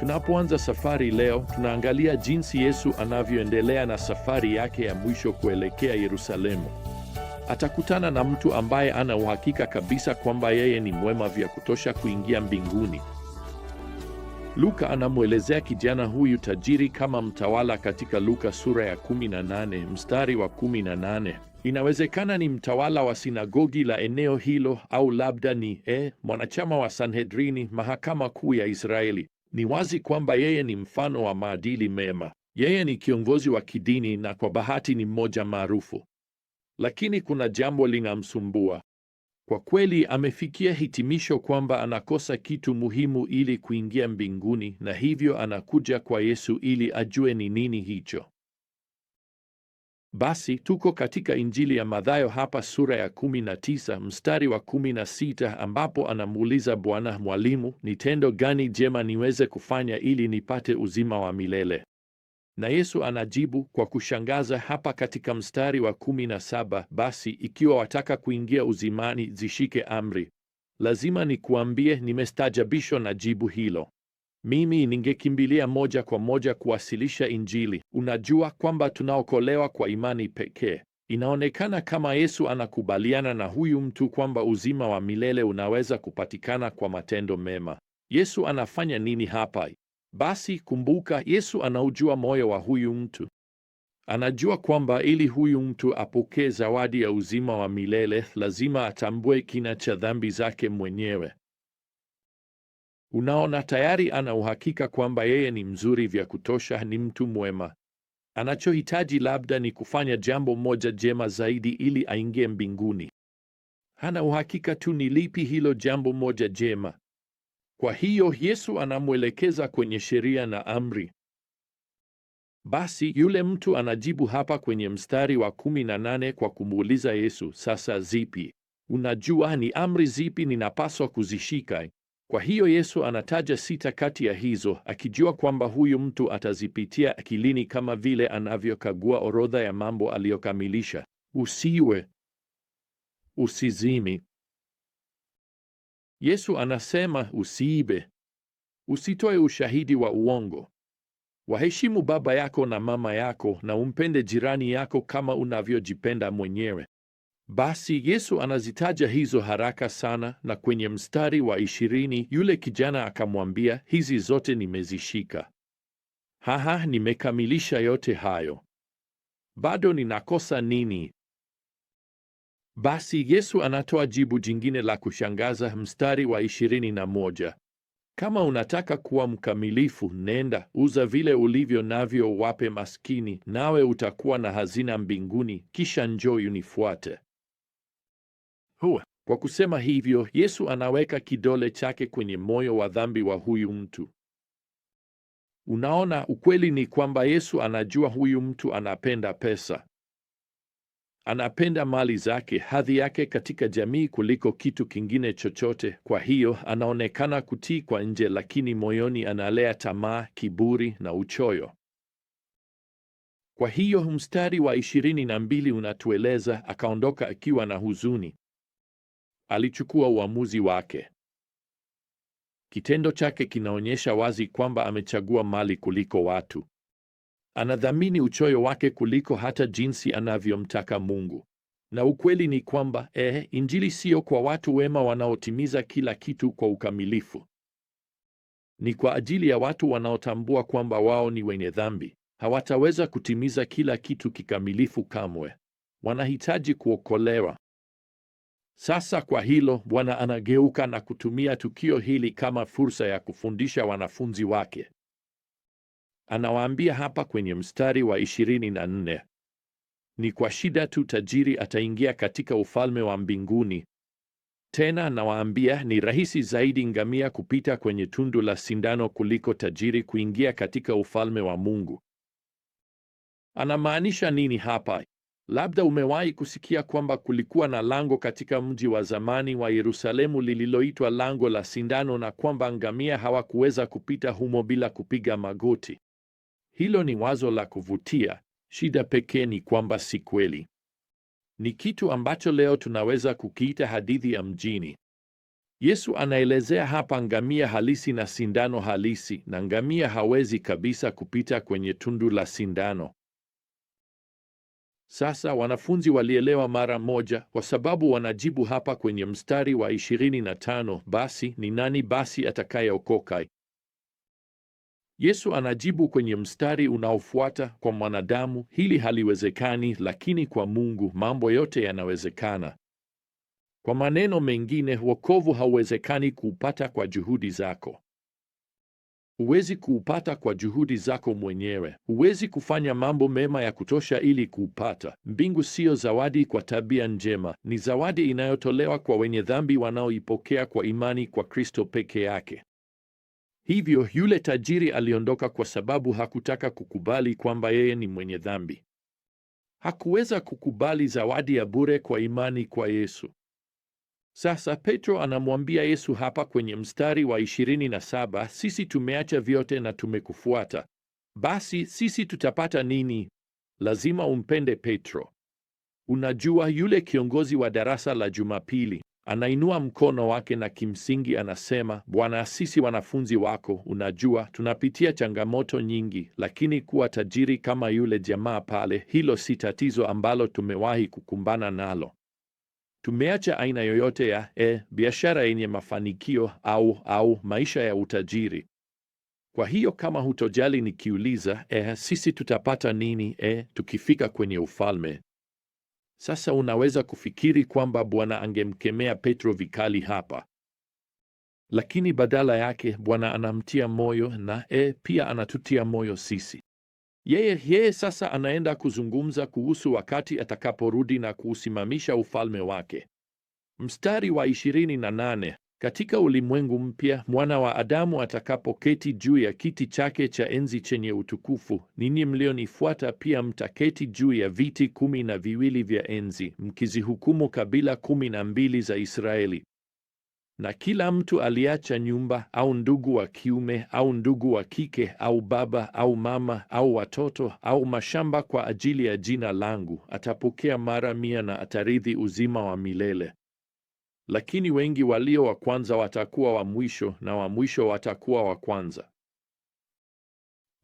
Tunapoanza safari leo, tunaangalia jinsi Yesu anavyoendelea na safari yake ya mwisho kuelekea Yerusalemu. Atakutana na mtu ambaye ana uhakika kabisa kwamba yeye ni mwema vya kutosha kuingia mbinguni. Luka anamwelezea kijana huyu tajiri kama mtawala katika Luka sura ya 18 mstari wa 18. Inawezekana ni mtawala wa sinagogi la eneo hilo au labda ni e, mwanachama wa Sanhedrini, mahakama kuu ya Israeli. Ni wazi kwamba yeye ni mfano wa maadili mema. Yeye ni kiongozi wa kidini na kwa bahati ni mmoja maarufu, lakini kuna jambo linamsumbua. Kwa kweli, amefikia hitimisho kwamba anakosa kitu muhimu ili kuingia mbinguni, na hivyo anakuja kwa Yesu ili ajue ni nini hicho. Basi tuko katika Injili ya Mathayo hapa sura ya 19 mstari wa 16, ambapo anamuuliza Bwana, Mwalimu, ni tendo gani jema niweze kufanya ili nipate uzima wa milele? Na Yesu anajibu kwa kushangaza hapa katika mstari wa 17, basi ikiwa wataka kuingia uzimani, zishike amri. Lazima nikuambie, nimestajabishwa na jibu hilo. Mimi ningekimbilia moja kwa moja kuwasilisha Injili. Unajua kwamba tunaokolewa kwa imani pekee. Inaonekana kama Yesu anakubaliana na huyu mtu kwamba uzima wa milele unaweza kupatikana kwa matendo mema. Yesu anafanya nini hapa? Basi kumbuka, Yesu anaujua moyo wa huyu mtu. Anajua kwamba ili huyu mtu apokee zawadi ya uzima wa milele, lazima atambue kina cha dhambi zake mwenyewe. Unaona, tayari ana uhakika kwamba yeye ni mzuri vya kutosha, ni mtu mwema. Anachohitaji labda ni kufanya jambo moja jema zaidi ili aingie mbinguni. Hana uhakika tu ni lipi hilo jambo moja jema. Kwa hiyo Yesu anamwelekeza kwenye sheria na amri. Basi yule mtu anajibu hapa kwenye mstari wa kumi na nane kwa kumuuliza Yesu, sasa zipi? Unajua ni amri zipi ninapaswa kuzishika? Kwa hiyo Yesu anataja sita kati ya hizo, akijua kwamba huyu mtu atazipitia akilini kama vile anavyokagua orodha ya mambo aliyokamilisha: usiwe, usizimi Yesu anasema usiibe, usitoe ushahidi wa uongo, waheshimu baba yako na mama yako, na umpende jirani yako kama unavyojipenda mwenyewe. Basi Yesu anazitaja hizo haraka sana, na kwenye mstari wa ishirini yule kijana akamwambia, hizi zote nimezishika, haha, nimekamilisha yote hayo, bado ninakosa nini? Basi Yesu anatoa jibu jingine la kushangaza, mstari wa ishirini na moja kama unataka kuwa mkamilifu, nenda uza vile ulivyo navyo, wape maskini, nawe utakuwa na hazina mbinguni, kisha njoo unifuate huwa. Kwa kusema hivyo, Yesu anaweka kidole chake kwenye moyo wa dhambi wa huyu mtu. Unaona, ukweli ni kwamba Yesu anajua huyu mtu anapenda pesa, anapenda mali zake, hadhi yake katika jamii kuliko kitu kingine chochote. Kwa hiyo anaonekana kutii kwa nje, lakini moyoni analea tamaa, kiburi na uchoyo. Kwa hiyo mstari wa ishirini na mbili unatueleza akaondoka akiwa na huzuni alichukua uamuzi wake. Kitendo chake kinaonyesha wazi kwamba amechagua mali kuliko watu. Anadhamini uchoyo wake kuliko hata jinsi anavyomtaka Mungu. Na ukweli ni kwamba eh, injili siyo kwa watu wema wanaotimiza kila kitu kwa ukamilifu. Ni kwa ajili ya watu wanaotambua kwamba wao ni wenye dhambi, hawataweza kutimiza kila kitu kikamilifu kamwe. Wanahitaji kuokolewa. Sasa kwa hilo, Bwana anageuka na kutumia tukio hili kama fursa ya kufundisha wanafunzi wake. Anawaambia hapa kwenye mstari wa 24, ni kwa shida tu tajiri ataingia katika ufalme wa mbinguni. Tena nawaambia, ni rahisi zaidi ngamia kupita kwenye tundu la sindano kuliko tajiri kuingia katika ufalme wa Mungu. Anamaanisha nini hapa? Labda umewahi kusikia kwamba kulikuwa na lango katika mji wa zamani wa Yerusalemu lililoitwa lango la sindano na kwamba ngamia hawakuweza kupita humo bila kupiga magoti. Hilo ni wazo la kuvutia. Shida pekee ni kwamba si kweli. Ni kitu ambacho leo tunaweza kukiita hadithi ya mjini. Yesu anaelezea hapa ngamia halisi na sindano halisi, na ngamia hawezi kabisa kupita kwenye tundu la sindano. Sasa wanafunzi walielewa mara moja, kwa sababu wanajibu hapa kwenye mstari wa 25, basi ni nani basi atakayeokoka? Yesu anajibu kwenye mstari unaofuata, kwa mwanadamu hili haliwezekani, lakini kwa Mungu mambo yote yanawezekana. Kwa maneno mengine, wokovu hauwezekani kuupata kwa juhudi zako. Huwezi kuupata kwa juhudi zako mwenyewe. Huwezi kufanya mambo mema ya kutosha ili kuupata. Mbingu siyo zawadi kwa tabia njema, ni zawadi inayotolewa kwa wenye dhambi wanaoipokea kwa imani kwa Kristo peke yake. Hivyo yule tajiri aliondoka kwa sababu hakutaka kukubali kwamba yeye ni mwenye dhambi. Hakuweza kukubali zawadi ya bure kwa imani kwa Yesu. Sasa Petro anamwambia Yesu hapa kwenye mstari wa 27 sisi tumeacha vyote na tumekufuata, basi sisi tutapata nini? Lazima umpende Petro. Unajua, yule kiongozi wa darasa la Jumapili anainua mkono wake na kimsingi anasema, Bwana, sisi wanafunzi wako, unajua tunapitia changamoto nyingi, lakini kuwa tajiri kama yule jamaa pale, hilo si tatizo ambalo tumewahi kukumbana nalo. Tumeacha aina yoyote ya e, biashara yenye mafanikio au au maisha ya utajiri. Kwa hiyo kama hutojali nikiuliza, e sisi tutapata nini e tukifika kwenye ufalme? Sasa unaweza kufikiri kwamba Bwana angemkemea Petro vikali hapa, lakini badala yake Bwana anamtia moyo na e pia anatutia moyo sisi. Yeye yeye sasa anaenda kuzungumza kuhusu wakati atakaporudi na kuusimamisha ufalme wake. Mstari wa 28: katika ulimwengu mpya mwana wa Adamu atakapoketi juu ya kiti chake cha enzi chenye utukufu, ninyi mlionifuata pia mtaketi juu ya viti kumi na viwili vya enzi, mkizihukumu kabila kumi na mbili za Israeli na kila mtu aliacha nyumba au ndugu wa kiume au ndugu wa kike au baba au mama au watoto au mashamba kwa ajili ya jina langu atapokea mara mia na atarithi uzima wa milele. Lakini wengi walio wa kwanza watakuwa wa mwisho na wa mwisho watakuwa wa kwanza.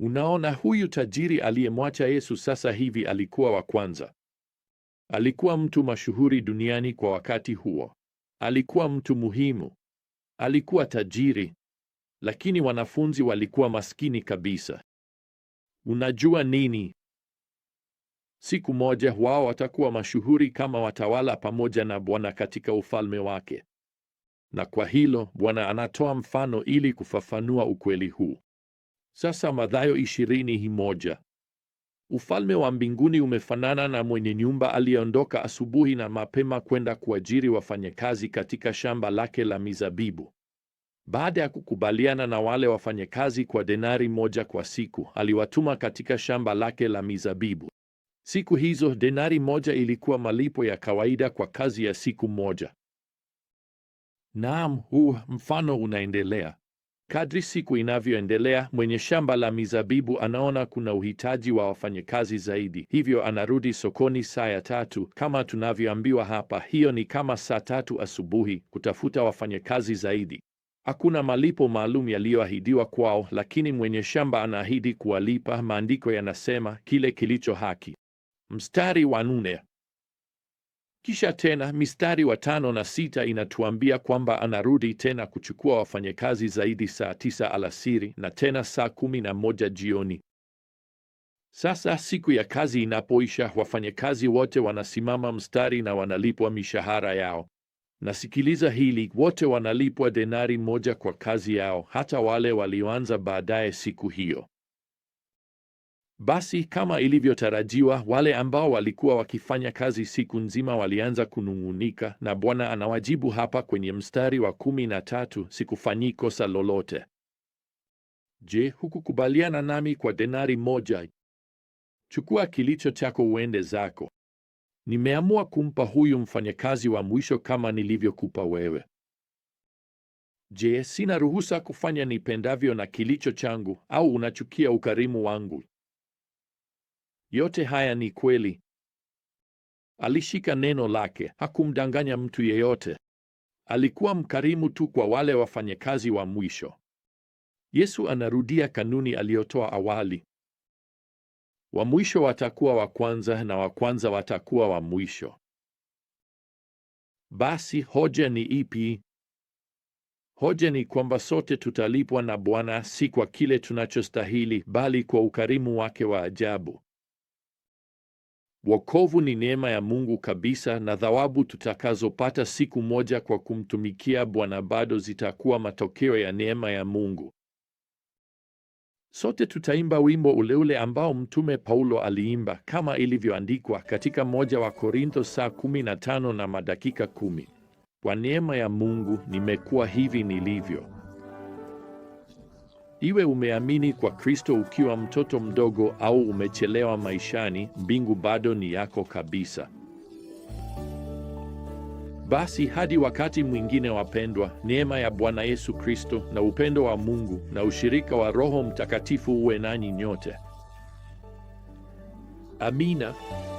Unaona, huyu tajiri aliyemwacha Yesu sasa hivi alikuwa wa kwanza. Alikuwa mtu mashuhuri duniani kwa wakati huo. Alikuwa mtu muhimu, alikuwa tajiri, lakini wanafunzi walikuwa maskini kabisa. Unajua nini? Siku moja wao watakuwa mashuhuri kama watawala pamoja na Bwana katika ufalme wake. Na kwa hilo Bwana anatoa mfano ili kufafanua ukweli huu. Sasa Mathayo ishirini moja Ufalme wa mbinguni umefanana na mwenye nyumba aliyeondoka asubuhi na mapema kwenda kuajiri wafanyakazi katika shamba lake la mizabibu. Baada ya kukubaliana na wale wafanyakazi kwa denari moja kwa siku, aliwatuma katika shamba lake la mizabibu. Siku hizo denari moja ilikuwa malipo ya kawaida kwa kazi ya siku moja. Naam, huu mfano unaendelea. Kadri siku inavyoendelea, mwenye shamba la mizabibu anaona kuna uhitaji wa wafanyakazi zaidi, hivyo anarudi sokoni saa ya tatu, kama tunavyoambiwa hapa. Hiyo ni kama saa tatu asubuhi kutafuta wafanyakazi zaidi. Hakuna malipo maalum yaliyoahidiwa kwao, lakini mwenye shamba anaahidi kuwalipa. Maandiko yanasema kile kilicho haki. Mstari wa nne. Kisha tena mistari wa tano na sita inatuambia kwamba anarudi tena kuchukua wafanyakazi zaidi saa tisa alasiri na tena saa kumi na moja jioni. Sasa siku ya kazi inapoisha, wafanyakazi wote wanasimama mstari na wanalipwa mishahara yao. Nasikiliza hili, wote wanalipwa denari moja kwa kazi yao, hata wale walioanza baadaye siku hiyo. Basi kama ilivyotarajiwa, wale ambao walikuwa wakifanya kazi siku nzima walianza kunung'unika, na Bwana anawajibu hapa kwenye mstari wa kumi na tatu, sikufanyi kosa lolote. Je, hukukubaliana nami kwa denari moja? Chukua kilicho chako uende zako. Nimeamua kumpa huyu mfanyakazi wa mwisho kama nilivyokupa wewe. Je, sina ruhusa kufanya nipendavyo na kilicho changu, au unachukia ukarimu wangu? Yote haya ni kweli. Alishika neno lake, hakumdanganya mtu yeyote. Alikuwa mkarimu tu kwa wale wafanyakazi wa mwisho. Yesu anarudia kanuni aliyotoa awali: wa mwisho watakuwa wa kwanza na wa kwanza watakuwa wa mwisho. Basi hoja ni ipi? Hoja ni kwamba sote tutalipwa na Bwana, si kwa kile tunachostahili, bali kwa ukarimu wake wa ajabu. Wokovu ni neema ya Mungu kabisa, na thawabu tutakazopata siku moja kwa kumtumikia Bwana bado zitakuwa matokeo ya neema ya Mungu. Sote tutaimba wimbo ule ule ambao Mtume Paulo aliimba kama ilivyoandikwa katika moja wa Korintho saa 15 na madakika kumi. Kwa neema ya Mungu nimekuwa hivi nilivyo. Iwe umeamini kwa Kristo ukiwa mtoto mdogo au umechelewa maishani, mbingu bado ni yako kabisa. Basi hadi wakati mwingine, wapendwa, neema ya Bwana Yesu Kristo na upendo wa Mungu na ushirika wa Roho Mtakatifu uwe nanyi nyote. Amina.